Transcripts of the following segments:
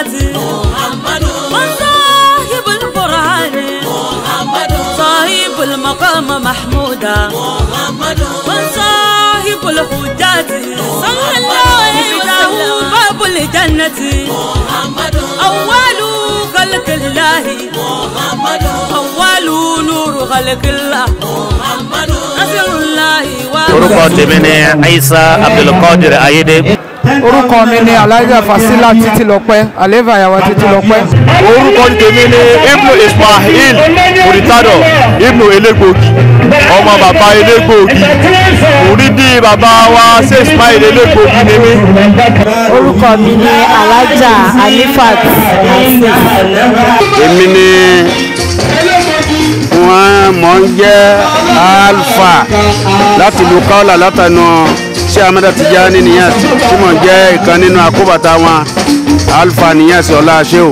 الرحلة محمد وصاحب القرآن محمد صاحب المقام محمودا محمد وصاحب الحجات صلى الله عليه وسلم باب الجنة محمد أول خلق الله محمد أول نور خلق الله محمد نصر الله orúkọ tèmi ni Aisha Abdulkadir Ayédè orúkọ mi ni alájà fasila títílọpẹ́ àlẹ́fà àyàwó títílọpẹ́. orúkọ tèmi ni ibnu ismail muritado ibnu elégbòogi ọmọ bàbá elégbòogi muridi bàbá wa ṣe ismail elégbòogi ni mí. orúkọ mi ni alájà alifat. èmi ni wọ́n mọ̀ ń jẹ́ alfa láti lu kaula látànà ṣé amẹ́dá Tijani Niasse tí mò ń jẹ́ ìkan nínú àkóbàtà wọn alfa Niasse ọ̀la ṣé o.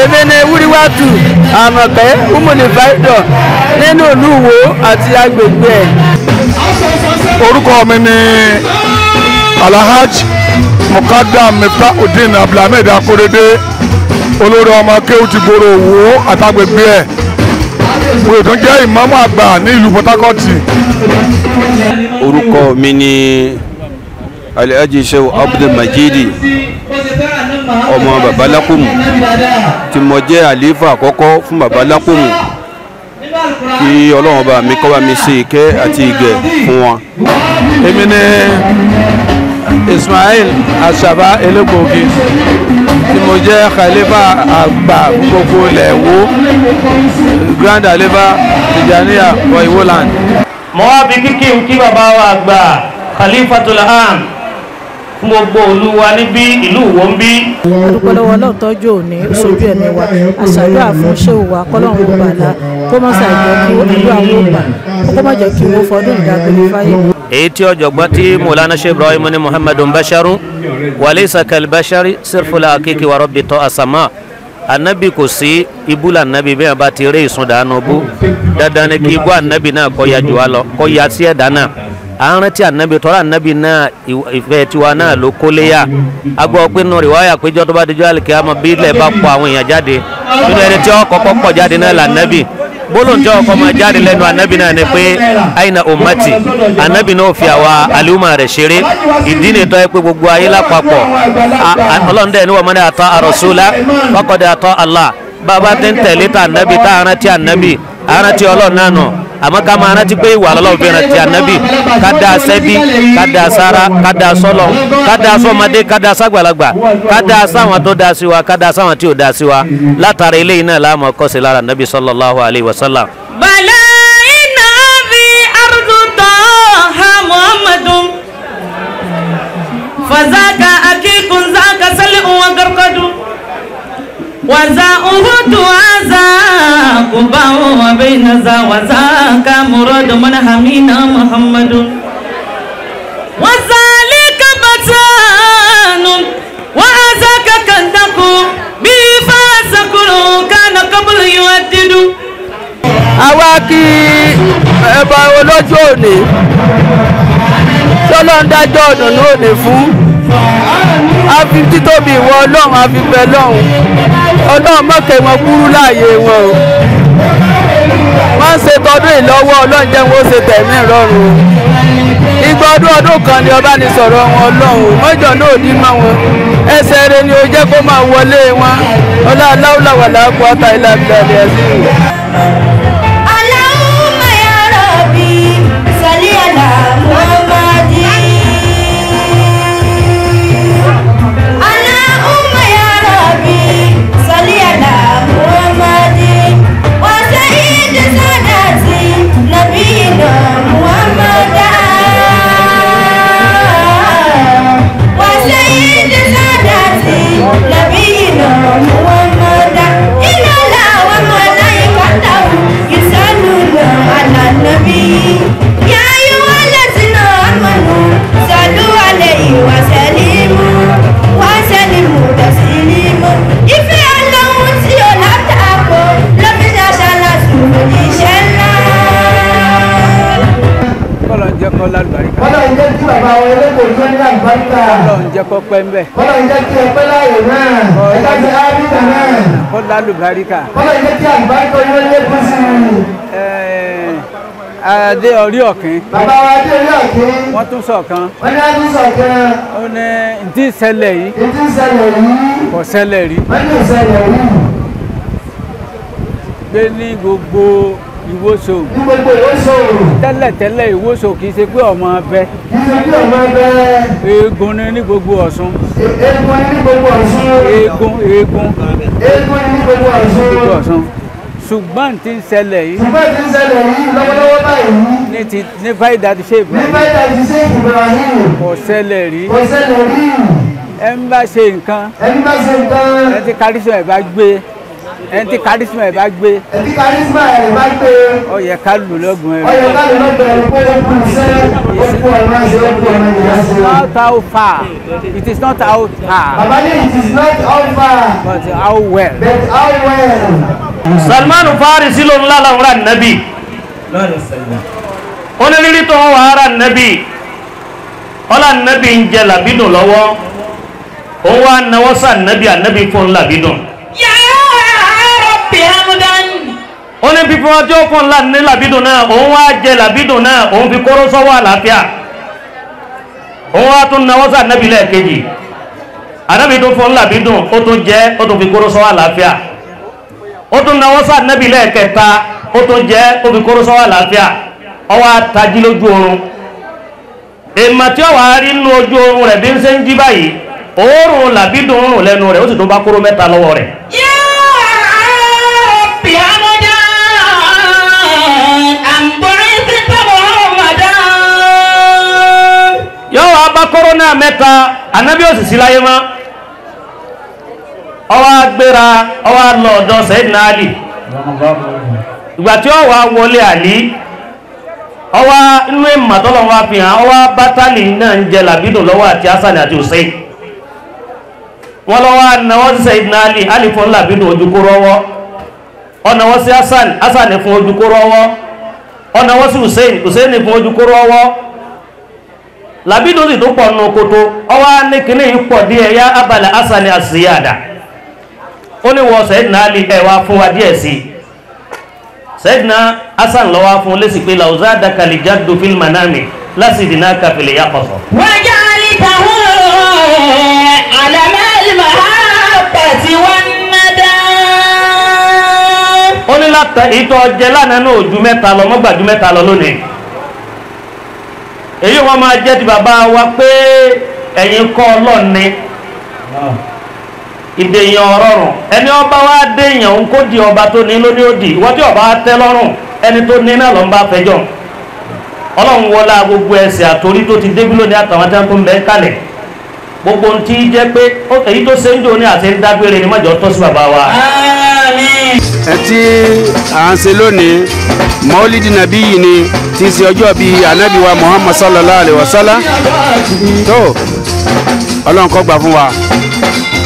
èmi ni wúríwájú àmọ̀pẹ́ umulifaidọ̀ nínú ìlú Ìwó àti agbègbè ẹ̀. orúkọ mi ni alahaj mukadam mifrahudeen abdulhamid akorede olórí ọmọ kéwù gbòòrò Ìwó àtàgbègbè ẹ̀ wòye tó jẹ́ ìmáàmù àgbà ní ìlú Port Harcourt. orúkọ mi ni alhaji shehu abdulmajidi ọmọ babalakumu tí mo jẹ́ àlééfà àkọ́kọ́ fún babalakumu kí ọlọ́run bá mi kọ́ bá mi ṣe ìkẹ́ àti ìgẹ̀ fún wọn. èmi ni ismail asaba elégbòogi tí mo jẹ́ khalifa àgbà gbogbo ilẹ̀ wo grand khalifa tijaniya for iwoland. mo wá bí kíkì kí bàbá wa àgbà khalifatul am fún gbogbo olúwa níbí ìlú Ìwó ń bí. adúpọ̀lọ́wọ́ náà tọ́jú òní sójú ẹ̀mí wa àṣàdúrà fún ṣéwù kọ́lọ́run ó bàlá kó má ṣàjẹ́ kí àdúrà ó kí wọ́n fọdún ìdágbére fáyé. èyí tí ọ̀jọ̀gbọ́n tí mọ̀lánà ṣe Ibrahim ní muhammadun basharu walaysa kal bashari sirfula akeke wa rabbi tọ́ asama anabi kò sí ibú la anabi bẹ́ẹ̀ bá ti rí ìsúndàánú bú dandan ni kí ibú anabi náà kọ́ ya jù lọ kọ́ ya sí ẹ̀dá náà àrántí ànábì tọ́lá ànábì náà ìfẹ́ tiwa náà ló kó léyà agbọ́ pé nù rí wáyà péjọ tó bá dijọ́ àlìkẹ́ àmọ́ bí ilẹ̀ bá pọ̀ àwọn èèyàn jáde nínú ẹni tí ọkọ̀ kọ́ pọ̀ jáde náà là ànábì bólóńjọ́ ọkọ̀ máa jáde lẹ́nu ànábì náà ni pé àyìnà òmátì ànábì náà fi àwa àlùmọ̀ rẹ̀ ṣeré ìdí ni tọ́ ẹ pé gbogbo ayé lápapọ̀ ọlọ́ndẹ̀ wọ́n mọ́ Allah bàbá tẹ́ ń tẹ̀lé tá ànábì tá arántí ọlọ́run náà nù àmọ́ ká máa rántí pé ìwà lọ́lọ́ fi rántí ànábì ká da sẹ́bí ká da sára ká da sọ́lọ́ ká da sọ́mọdé ká da sàgbàlagbà ká da sáwọn tó da sí wa ká da sáwọn tí ò da sí wa látara eléyìí náà láàmú ọkọ̀sí lára ànábì sallallahu alayhi wa sallam. bala iná fi ardu Taha Muhammadun fazaka akikun zaka sali uwa garkadu. وزاؤه عزا قبا وبين ذا وذاك مراد من حمينا محمد وذلك بطان وأذاك كندق به فاسقر كان قبل يودد awaki ẹbọ olójú òní tọ́lọ́ ń dájọ́ ọ̀nà náà òní fún a fi títóbi ìwọ ọlọ́run a fi bẹ lọ́run ọlọ́run mọ̀kẹ́ wọn kúrú láàyè wọn o wọ́n ń ṣe tọdún ìlọ́wọ́ ọlọ́run jẹ́ wọ́n ṣe tẹ̀mí ìrọ̀rùn o igba ọdún ọdún kan ni ọba ni sọ̀rọ̀ wọn ọlọ́run mọ́jọ náà ma ní mọ́ wọn ni ó jẹ́ kó máa wọlé wọn ọlá kó Amen. kọ́ pẹ́ ń bẹ̀. kọ́lá ìjẹ́ kí ẹ pẹ́ láàyè náà ẹ̀ka ti áfíríkà náà. kọ́lá lùbáríkà. kọ́lá ìjẹ́ kí àlùbáríkà yóò lékún sí i adé orí ọ̀kín. bàbá wa adé orí ọ̀kín. wọ́n tún sọ̀kan. wọ́n ní wọ́n tún sọ̀kan. ó ní ntí ṣẹlẹ̀ yìí. ntí ṣẹlẹ̀ yìí. kò ṣẹlẹ̀ rí. wọ́n ní ìṣẹlẹ̀ rí. gbé ní gbogbo ìwóso. gbogbo ìwóso. tẹ́lẹ̀tẹ́lẹ̀ ìwóso kì í ṣe pé ọmọ bẹ. kì í ṣe pé ọmọ bẹ. eégún ni ní gbogbo ọ̀ṣun. eégún ni ní gbogbo ọ̀ṣun. eégún eégún. eégún ni ní gbogbo ọ̀ṣun. gbogbo ọ̀ṣun ṣùgbọ́n tí ń ṣẹlẹ̀ yìí. ṣùgbọ́n tí ń ṣẹlẹ̀ yìí lọ́wọ́lọ́wọ́ báyìí. ní ti ní fáìdà ti ṣe ìbúra. ní fáìdà ti ṣe ìbúra yìí. kò ṣẹlẹ̀ rí. kò ṣẹlẹ̀ rí. ẹ ń bá ṣe nǹkan. ẹ ń bá ṣe nǹkan. ẹ ti kárí sọ bá gbé ẹni tí kárísímà ẹ bá gbé. ẹni tí kárísímà ẹ bá gbé. ó yẹ ká lù lọ́gbọ̀n ẹ. ó yẹ ká lù lọ́gbọ̀n ẹ pé ó kú iṣẹ́ ó kú ọ̀rọ̀ ṣe ó kú ọ̀rọ̀ ìyá ṣe. it is not how far it is not how far. bàbá ní it is not how far. but how well. but how well. Salman Farisi ló ń lára ra nàbì. onírírí tó ń wà ra nàbì ọlá nàbì ń jẹ làbídùn lọ́wọ́ òun wá náwó sàn nàbì ànàbì fún làbídùn. yẹ́ẹ́ rabbi hamdan. ó ní fífi wọn tí ó fún ńlá ní làbídùn náà on wá jẹ làbídùn náà òun fi kóró sọ́wọ́ àlàáfíà òun wá tún náwó sí ànábì lẹ́ẹ̀kejì ànábì tó fún làbídùn ó tún jẹ ó tún fi kóró sọ́wọ́ o tun tún náwó sí ànábì lẹ́ẹ̀kẹta ó tún jẹ ó fi kóró sọ́wọ́ àlàáfíà ọwọ́ àtàjí lójú oorun èèmà tí ó wà á rí nínú ojú oorun rẹ̀ bí ń ṣe ń jí báyìí òórùn làbídùn rùn lẹ́nu rẹ̀ ó sì tún bá kóró mẹ́ta lọ́wọ́ rẹ̀. yé kọ́rọ́nà mẹ́ta anábì òsì sí láyé mọ́ ọwọ́ agbéra ọwọ́ lọ ọ̀dọ̀ Sayyidina Ali ìgbà tí wa wà wọlé àlí ọwọ́ inú ìmọ̀ tọ́lọ̀ wá fi hàn ọwọ́ bátálì náà ń jẹ làbídò lọ́wọ́ àti Hasan àti Hussein sí Ali Ali fún làbídò ojú kó rọ́wọ́ sí Hasan Hasan fún sí Hussein Hussein fún làbídòsì tó pọ̀ nù kótó ọwọ́ ní kíní pọ̀ díẹ̀ yá abala asani asiyada ó ní wọ sẹ́dínà alì ẹ̀wà fún wa díẹ̀ sí sẹ́dínà asan lọ́wọ́ fún lẹ́sì pé làwùzá dakali jáde fílì manami lásìdínà kàfìlẹ̀ yá kọ̀sọ̀. wọ́n jẹ́ àlìkàwọ́ àlàmẹ́lìmọ̀ àpàtì wọn ó ní láta ìtọ́ jẹ lánàá náà ju mẹ́ta lọ mọ́gbà mẹ́ta lọ lónìí èyí wọn máa jẹ́ ti bàbá wa pé ẹ̀yin kọ́ ọlọ́ni ìdèyàn ọ̀rọ̀rùn ẹni ọba wa dèyàn ń kó di ọba tó ní lóní òdì wọ́n tí ọba tẹ́ lọ́rùn ẹni tó ní náà ló ń bá fẹjọ́ ọlọ́run wọlá gbogbo ẹsẹ̀ àtòrí tó ti débí lónìí àtàwọn tí wọ́n tó ń bẹ́ẹ̀ kalẹ̀ gbogbo ohun tí jẹ́ pé èyí tó ṣe ń dò ní àti dágbére ni mọ́jọ́ tọ́ sí bàbá wa. ẹ tí à ń ṣe lónìí mọ́lídìí nàbí yìí ni tí í ọjọ́ bíi anabi muhammad sallallahu alayhi wa sallam tó ọlọ́run kó gbà fún wa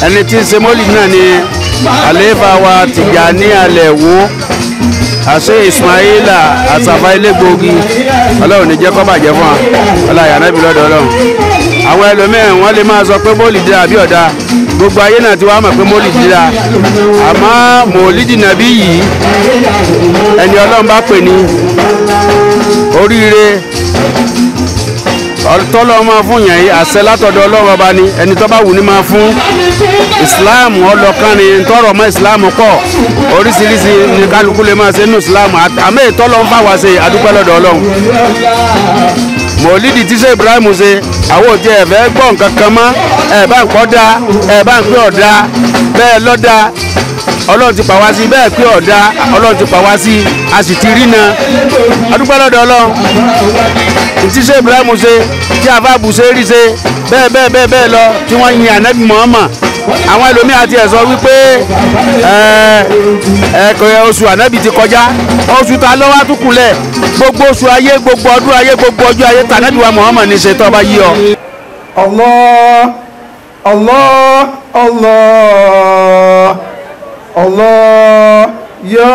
ẹni tí í ṣe náà ni àlééfà wa Tìjàní alẹ̀ wo àṣẹ ismaila àṣàfà ilégbòogi ọlọ́run ní jẹ́ kó fún wa ọlọ́run anabi lọ́dọ̀ ọlọ́run àwọn ẹlòmíràn wọ́n lè máa sọ pé mọ́lìdì àbí ọ̀dà gbogbo ayé náà ti wá mọ̀ pé mólídì dá àmọ́ mòlídì nàbí yìí ẹni ọlọ́run bá pè ní oríire tọ́lọ́ máa fún yẹn àṣẹ látọ̀dọ̀ ọlọ́run ọba ni ẹni tó bá wù ní máa fún islam ọlọ́kànnì tọrọ mọ́ islam pọ̀ oríṣiríṣi ní kálukú lè máa ṣe nínú islam àmì ìtọ́lọ́ ń fà wá ṣe àdúgbò lọ́dọ̀ ọlọ́run mọ̀lídìí tí sẹ́ Ibrahim ṣe àwọn òjẹ́ ẹ̀fẹ́ gbọ́ nǹkan kan mọ́ ẹ̀ bá ń kọ́ da ẹ̀ bá ń pè ọ̀dà bẹ́ẹ̀ lọ́dà ọlọ́run ti pa wá sí bẹ́ẹ̀ pé ọ̀dà ọlọ́run ti pa wá sí a sì ti rí na adúgbò lọ́dọ̀ ọlọ́run tí sẹ́ Ibrahim ṣe tí àfàbù ṣe rí ṣe bẹ́ẹ̀ bẹ́ẹ̀ bẹ́ẹ̀ bẹ́ẹ̀ lọ tí wọ́n yin ànábì Muhammad àwọn ẹlòmíì àti ẹ̀ sọ wípé oṣù ànábì ti kọjá oṣù ta ló wá gbogbo oṣù ayé gbogbo ọdún ayé gbogbo ọjọ́ ayé tànábì wa Muhammad ní ṣe tọ́ba yí ọ. Allah Allah Allah Allah ya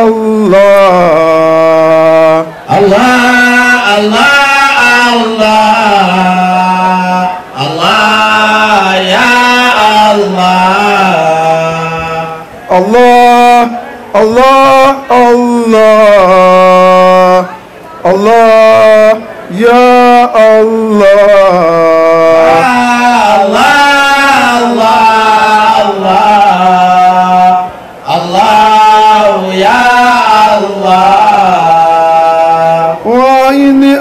Allah Allah Allah Allah. الله الله الله الله يا الله الله الله الله الله الله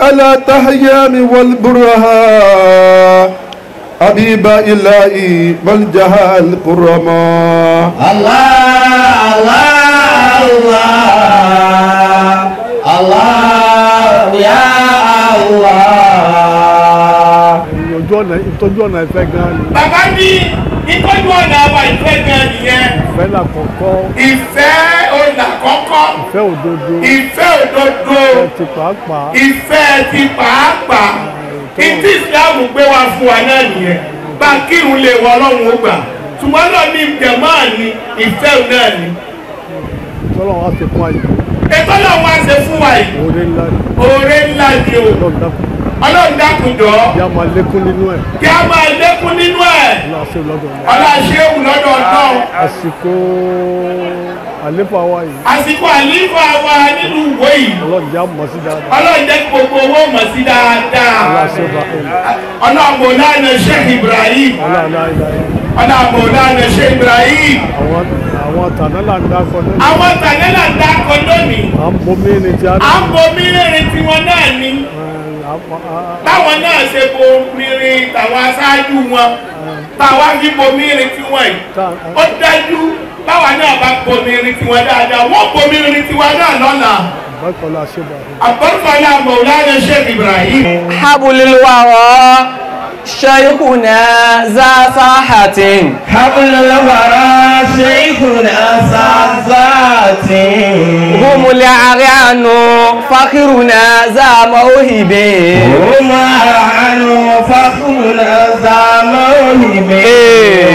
على تهيام والبرها حبيب إلهي والجهال قرما الله Allah, Allah, Allah, Allah. ya ọ̀nà ìtọ́jú ọ̀nà ìfẹ́ gan ni. bàbá ní ìtọ́jú ọ̀nà àwa ìfẹ́ gan nìyẹn. ìfẹ́ là kọ́kọ́. ìfẹ́ ọ̀nà kọ́kọ́. ìfẹ́ òdodo. ìfẹ́ òdodo. ìfẹ́ ti pàápàá. ìfẹ́ ti pàápàá. ìtí ìsìlámù gbé wa fún wa náà nìyẹn. bá kírun lè wọ ọlọ́run ó gbà ṣùgbọ́n náà ní ìjẹ̀mọ́ ni ìfẹ́ náà ni. ètò náà ṣe fún wa yìí. ètò náà ṣe fún wa yìí. oore ńlá ni. oore ńlá ni o. ọlọ́run dákun jọ. kí a máa lékún nínú ẹ̀. kí a máa lékún nínú ẹ̀. ọlá ṣéwù lọ́dọ̀ náà. àsìkò àléfà wa yìí. àsìkò àléfà wa nílùú ìwé yìí. ọlọ́run jẹ́ mọ̀ sí dáadáa. ọlọ́run jẹ́ gbogbo owó mọ̀ sí dáadáa. ọlọ́run kò náà ní Sheikh Ibrahim. ọlọ́run náà ní Ibrahim ọ̀nà àbọ̀dáàlẹ̀ ṣe Ibrahim. àwọn tàná là ń dákọ lónìí. àwọn tàná là ń dákọ lónìí. à ń bomi ní ti àná. à ń bomi rere tiwọn náà ni. táwọn náà ṣe bomi rí tàwọn aṣáájú wọn táwa fi bomi rí tiwọn yìí ó dájú báwa náà bá bomi rí tiwọn dáadáa wọ́n bomi rí tiwọn náà lọ́la. àbọ̀fọlá ṣe bàbá. àbọ̀fọlá mọ̀ọ́lá ṣe Ibrahim. habulilwa wọ́ọ́. شيخنا ذا صحة حبل الورى شيخنا ذا صحة هم الأعيان فخرنا ذا موهب هم الأعيان فخرنا ذا موهب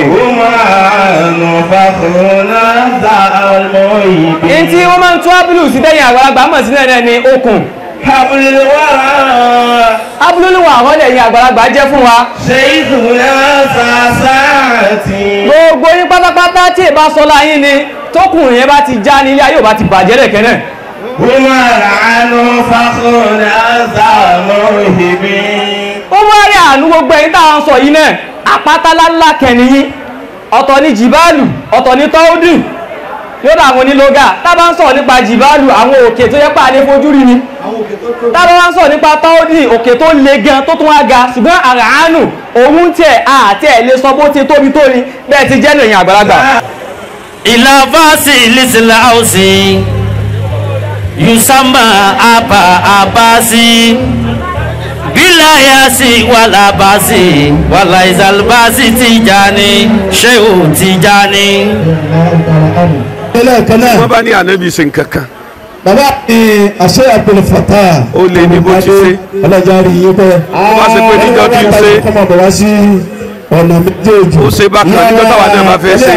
هم الأعيان فخرنا ذا موهب Ntí wọ́n máa ń tó ábúlù sí dẹ́yìn abúlúwàrà. abúlúwà àwọn ilẹ̀ yìí àgbàlagbà jẹ́ fún wa. ṣe ìdùnnà sàṣà tì. gbogbo yín pátápátá tí ìbá sọlá yín ni tókùnrin yẹn bá ti já ní ilé ayé ò bá ti bàjẹ́ lẹ̀kẹ́ náà. Umar anu fakun azamu hibi. Umar anu gbogbo ẹ̀yin tá à ń sọ yìí náà, àpáta ńláńlá yóò àwọn onílógà tábà ń sọ̀rọ̀ nípa jìbáàlù àwọn òkè tó yẹ pa àlè fojú rí ni tábà ń sọ̀rọ̀ nípa tọ́ọ̀dì òkè tó le gan tó tún wá ṣùgbọ́n àràánù òun tiẹ̀ àti ẹ̀ lè sọ bó ti tóbi tó ni bẹ́ẹ̀ ti jẹ́ nìyẹn àgbàlagbà. ìlà fásì lísìlá òsì yusama abba abasi bilayasi walabasi walaizalbasi tijani sheu tijani ẹlẹ́ẹ̀kan náà. wọ́n bá ní ànábì ṣe nǹkan kan. bàbá mi àṣẹ àpèlèfàtà. o lè ní bó ti ṣe. ọlọ́jà rí iye bẹ́ẹ̀. ó bá ṣe pé níjọ́ tí ń ṣe. ọmọ bàbá sí ọ̀nà méjèèjì. ó ṣe bákan níjọ́ táwa náà máa fẹ́ ṣe.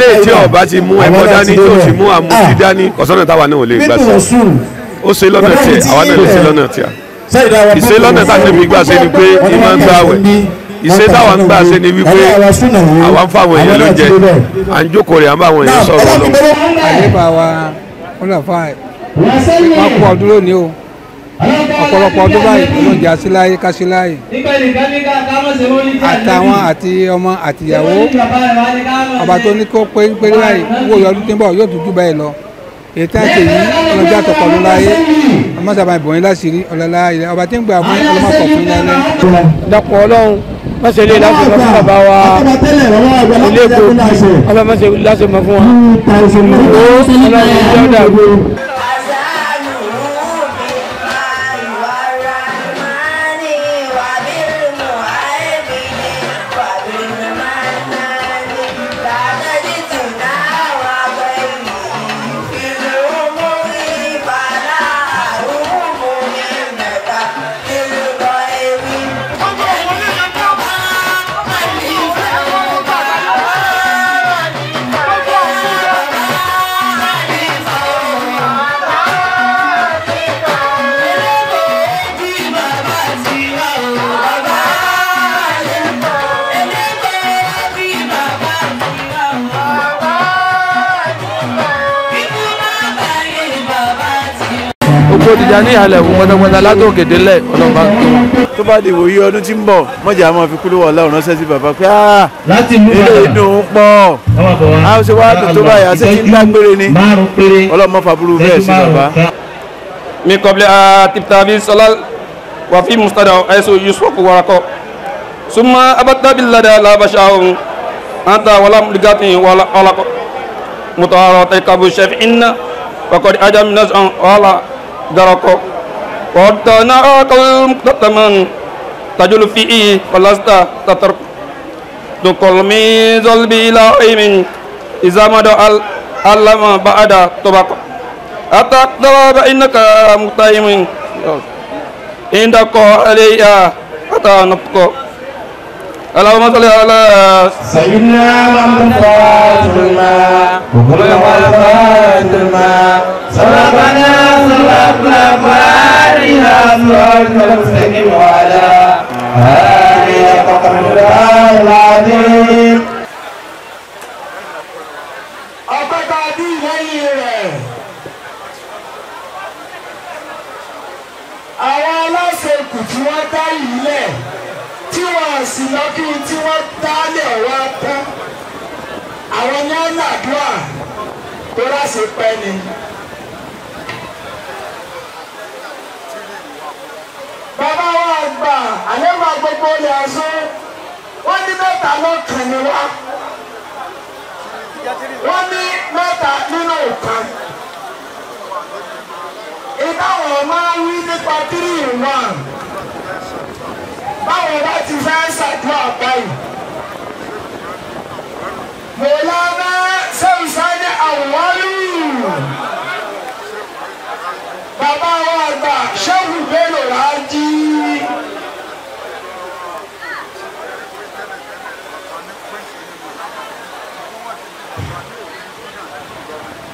lé tí ọba ti mú ẹbọ dání tí ó sì mú àmúti ah. dání kọ̀sọ́nà táwa náà ò lè gbà sí. ó ṣe lọ́nà tiẹ̀ àwa náà ló ṣe lọ́nà tiẹ̀. ìṣe lọ́nà táwọn èmi gbà ṣe ni pé ìmọ̀ ń gbà wẹ̀ ìṣe táwọn gbà ṣe ni wípé àwa ń fáwọn èèyàn ló jẹ à ń jókòó rẹ̀ à ń bá àwọn èèyàn sọ̀rọ̀ lọ. àyèbá wa wọn lọ fà wọn kú ọdún lónìí o ọ̀pọ̀lọpọ̀ ọdún báyìí ló jà sí láyé ká sí láyé àtàwọn àti ọmọ àtìyàwó ọba tó ní kó pé ń pé láyé wó yọdún tí ń bọ̀ yóò dúdú báyìí lọ èyí tí a ṣe yìí ọlọ́jà àtọ̀kọ̀ ló láyé ọmọ sábà ìbòyìn láṣìírí ọlọ́lá ọba tí ń gbà fún ọlọ́mọ kọ̀ọ̀kan lálẹ́ dàpọ̀ ọlọ́run wọ́n ṣe lé e láti mọ̀ fún bàbá wa ilé èkó ọlọ́mọ ṣe láti mọ̀ fún wa. ọlọ́mọ ṣe lọ́dà. tó Tijani alẹ̀ fún pátápátá látòkè délẹ̀ ọlọ́ba. tó bá di ìwòye ọdún tí ń bọ̀ mọ̀jà máa fi kúrò ọ̀la ránṣẹ́ sí bàbá pé ah, ilé ìdùn ń pọ̀ á ṣe wá dùn tó báyà ṣé kí n dágbére ni ọlọ́mọ fàbúrú bẹ́ẹ̀ sí bàbá. mi kọ́blẹ̀ àtìtàbí sọlá wà fí mustada ẹ̀sùn yusuf warakọ suma lada labasa ohun anta wala mudigati wala alakọ mutawara tẹ kabu sẹfi inna wakọdi ajamina zan wala. darako wadda na'akal muqtataman tajul fi'i falasta tatar tukul zolbi bila aimin izamadu al allama ba'ada tobako atak dawaba innaka muqtaimin indako aliyah kata nafko اللهم صل على سيدنا محمد فاطمة وكل فاطمة سبقنا سبقنا فارها صراط المستقيم وعلى آله وقدر العظيم sì lọ tí wọ́n dálẹ̀ wá tán àwọn ni wọ́n nàdúrà tó láṣẹ pẹ́ ni. bàbá wa àgbà àlẹ́ wa gbogbo wọ́n ní mẹ́ta lọ́kàn ni wá wọ́n ní mẹ́ta nínú ọ̀kan ìdáhùn máa ń wí nípa three báwo bá ti fẹ́ ṣàdúrà báyìí. Mọ̀lánà Sẹ́wùsánì Àwọ̀lù. Bàbá wa àgbà Ṣẹ́hù Bello Rájí.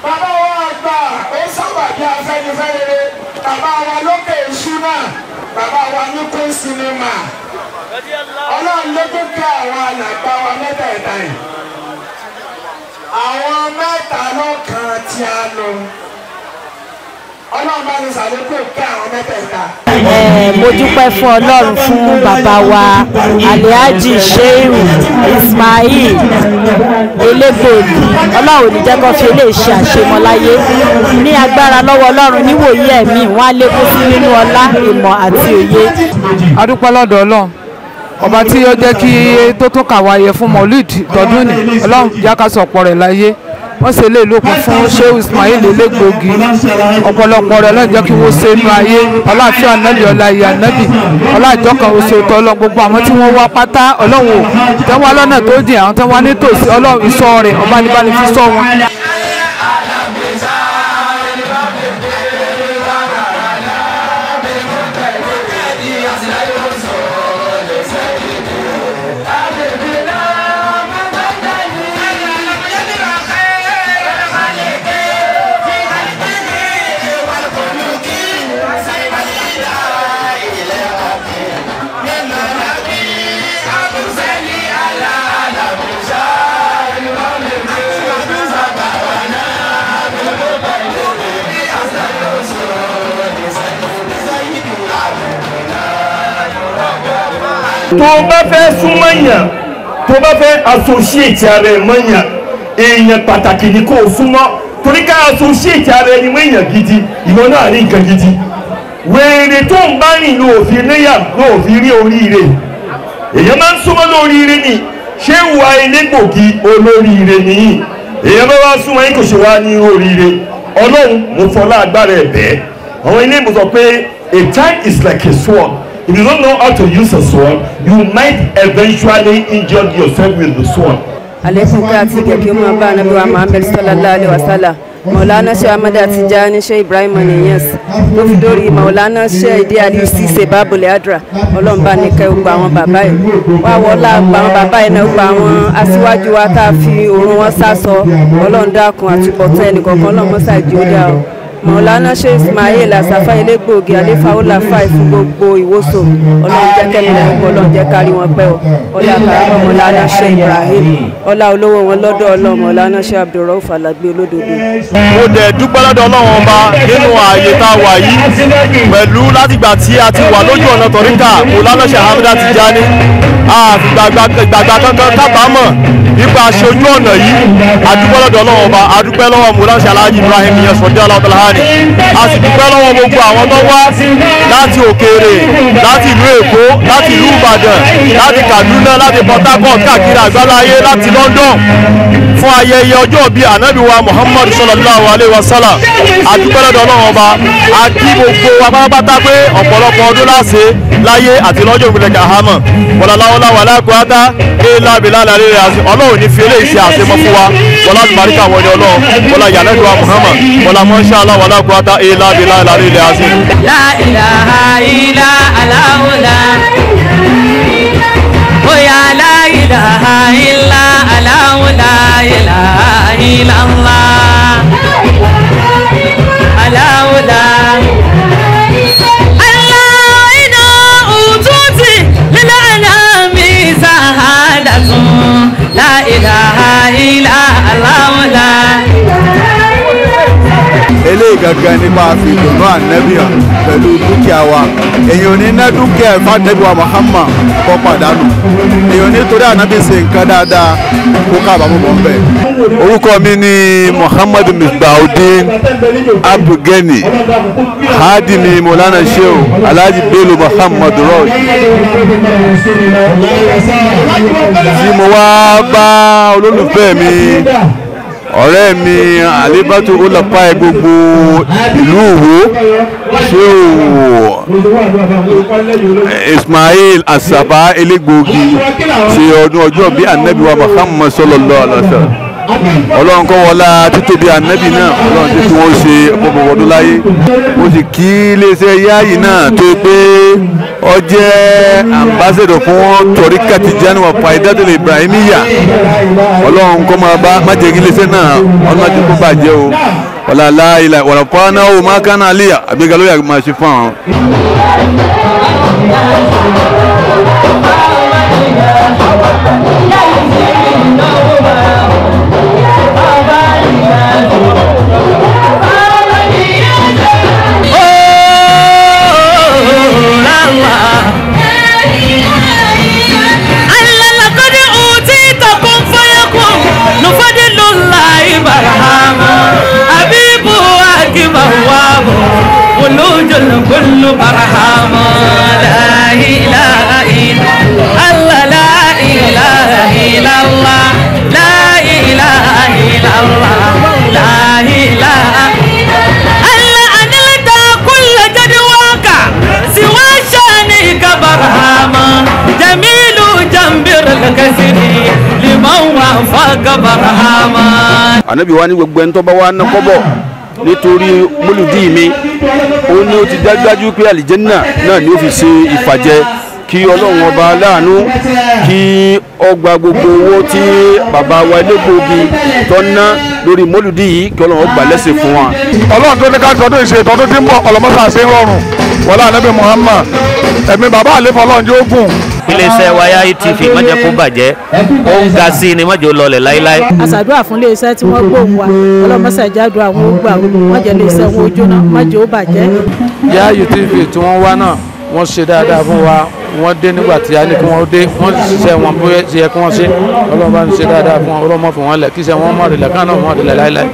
Bàbá wa àgbà ó sábà bí afẹ́nifẹ́re. Bàbá wa lókè ìṣúná. Bàbá wa ní kún sinimá ọlọ́run ló tó kí àwọn alàgbà wa mẹ́tẹ̀ẹ̀ta yìí àwọn mẹ́ta lọ́kàn tí a lọ mo dúpẹ́ fún ọlọ́run fún bàbá wa alihaji sheu ismail elégbòdì ọlọ́run ní jẹ́ kó fi eléyìí ṣe àṣemọ́láyé ní agbára lọ́wọ́ ọlọ́run níwòye ẹ̀mí wọn á lékún sí nínú ọlá ìmọ̀ àti òye. adúpẹ́ lọ́dọ̀ ọlọ́run ọba tí ó jẹ́ kí tó tún kàwáyé fún Maulid tọdún ni ọlọ́run jákàsọ̀ pọ̀ rẹ̀ láyé wọ́n ṣe lè lókun fún Shehu Ismail Elégbogi ọ̀pọ̀lọpọ̀ rẹ̀ lọ́jọ́ kí wọ́n ṣe inú ayé ọláàfin ànábì ọláyé ànábì ọláàjọkàn oṣù tó lọ gbogbo àwọn tí wọ́n wá pátá ọlọ́run ò tẹ́wọ́ lọ́nà tó jìn àwọn tẹ́wọ́ nítòsí ọlọ́run ìṣọ́ rẹ̀ ọba níbàní fi sọ wọn. tó bá fẹ́ súnmọ́ yàn tó bá fẹ́ associate ara ẹ̀ mọ́ yàn èèyàn pàtàkì ni kò súnmọ́ torí ká associate ara ẹni mọ́ èèyàn gidi ìwọ náà ní nǹkan gidi wèrè tó ń bá rìn ló fi níyà ló fi rí oríire èèyàn máa ń súnmọ́ lóríire ni ṣé wà elégbògi olóríire nìyí èèyàn bá wá súnmọ́ yín kò ṣe wá ní oríire ọlọ́run mo fọlá agbára ẹ̀ bẹ́ẹ̀ àwọn ilé ìbùsọ̀ pé a child is like a sword If you don't know how to use a sword, you might eventually injure yourself with the sword. alaikum ka ti kẹkẹ mu aba anabi wa muhammed sallallahu alaihi wa sallam maulana sheikh ahmed atijani ibrahim oniyans ló fi dórí maulana sheikh ìdí aliyu sise babule adra ọlọ́nba nìkẹ́ gbogbo àwọn bàbá yìí wá wọlá àwọn bàbá yìí náà gba àwọn aṣíwájú wa tá a fi òórùn wọn sá sọ ọlọ́ndàkùn àtúbọ̀tán ẹnìkọ̀ọ̀kan ọlọ́mọṣáájú ó dá mọ̀lánà ṣe ismail àṣàfà ilégbòogi àlefàólà fàì fún gbogbo ìwòsò ọlọ́run jẹ́ kẹ́mìlẹ̀ ọ̀pọ̀ ọlọ́run wọn pẹ́ o ọlá kàrámọ̀ mọ̀lánà ṣe ibrahim ọlá olówó wọn lọ́dọ̀ ọlọ́run mọ̀lánà ṣe abdulrauf alagbe olódodo. mo dẹ̀ dúpẹ́ lọ́dọ̀ ọlọ́run ọba nínú ààyè tá a wà yìí pẹ̀lú látìgbà tí a ti wà lójú ọ̀nà tọ̀ríkà mọ̀lánà ṣe hamida tijani àgbàgbà kankan ni a sì dúpẹ́ lọ́wọ́ gbogbo àwọn tó wá láti òkèèrè láti ìlú èkó láti ìlú ìbàdàn láti kaduna láti port harcourt káàkiri àgbáláyé láti london fún ayẹyẹ ọjọ́ bíi anabiwa muhammadu sallallahu alayhi wa sallam a dúpẹ́ lọ́dọ̀ ọlọ́run ọba a kí gbogbo wa pátápátá pé ọ̀pọ̀lọpọ̀ ọdún láṣẹ láyé àti lọ́jọ́ ìpínlẹ̀ kahama wọ̀làláwọ̀lá wàlákùátá éèlà bìlálà rẹ̀ ọlọ́run ní fi eléyìí ṣe àṣemọ́ fún wa wọlá àtùmáríkà wọlé ọlọ́run wọlá yàlẹ́dùn wa muhammad wọlá mọ́ṣáláwà wala quwwata illa billahil aliyyil azim. la ilaha illa aláwòlá bóyá la ilaha illa aláwòlá ilaha illa Allah. gangan nípa àfihàn ànẹ́bí hàn pẹ̀lú dúkìá wa èyí ò ní ná dúkìá ìfàdébíwá Muhammad kọ́ pàdánù èyí ò ní torí ànábì ṣe nǹkan dáadáa kó káàbàámọ̀ bọ̀ ńbẹ̀. orúkọ mi ni Muhammad Misbahudin, Abdulgani hadi ni Maulana Sheu Alhaji Bello Muhammad Rush tí mo wá bá olólùfẹ́ mi ọ̀rẹ́ mi àlébátú ọlọ́pá ẹ gbogbo ìlú Ìwó ṣéwò Ismail Asaba elégbòogi ṣe ọdún ọjọ́ bíi anabiwa Muhammad sallallahu alaihi wasallam ọlọ́run kọ́ wọlá títóbi ànábì náà ọlọ́run tí tí wọ́n ṣe ọ̀pọ̀pọ̀dún láyé mo sì kí iléeṣẹ́ yáàyì náà tó pé ó jẹ́ ambassador fún tọ́ríkà Tijani wa Faidatul Ibrahimiyya ọlọ́run kọ́ máa bá májèkí iléeṣẹ́ náà ọlọ́run tí kò bàjẹ́ o wàlá láìla wàlàfà náà ó má kánà àlíyà àgbégalóyà máa ṣe fún àwọn. ànábì wa ní gbogbo ẹni tó bá wá ná kọ́bọ̀ nítorí múlùdí mi ó ní ó ti dájúdájú pé àlìjẹ́nnà náà ni ó fi ṣe ìfàjẹ́ kí ọlọ́run ọba aláàánú kí ọgbà gbogbo owó tí bàbá wa Elégbogi tó ná lórí mọ́lùdí yìí kí ọlọ́run ọgbà lẹ́sẹ̀ fún wa. ọlọ́run tó ní ká tọdún ìṣe ìtọ́jú tí ń bọ̀ ọlọ́mọ́sá ṣe ń rọrùn wọlé ànábì Muhammad ẹ̀mí bàbá àlefọ́ ọlọ́run yóò gùn iléeṣẹ́ wa Yayi TV má kó bàjẹ́ ó ń ga sí i ni má jẹ́ ó lọlẹ̀ láíláí. àṣàdúrà fún iléeṣẹ́ tí wọ́n gbóhùn wa ọlọ́mọṣẹ́ ìjádùn àwọn ó gbà má jẹ́ iléeṣẹ́ wọn ó jóná má ó bàjẹ́. Yayi TV tí wọ́n wá náà wọ́n ṣe dáadáa fún wa wọ́n dé nígbà tí a ní kí wọ́n dé wọ́n ṣiṣẹ́ wọn bóyá ṣe yẹ kí wọ́n ṣe ọlọ́run bá ń ṣe dáadáa fún wọn ọlọ́run mọ̀ fún wọn lẹ̀ kí ṣe wọn mọ̀ rẹ̀ lẹ̀ káwọn náà mọ̀ rẹ̀ lẹ̀ láéláé.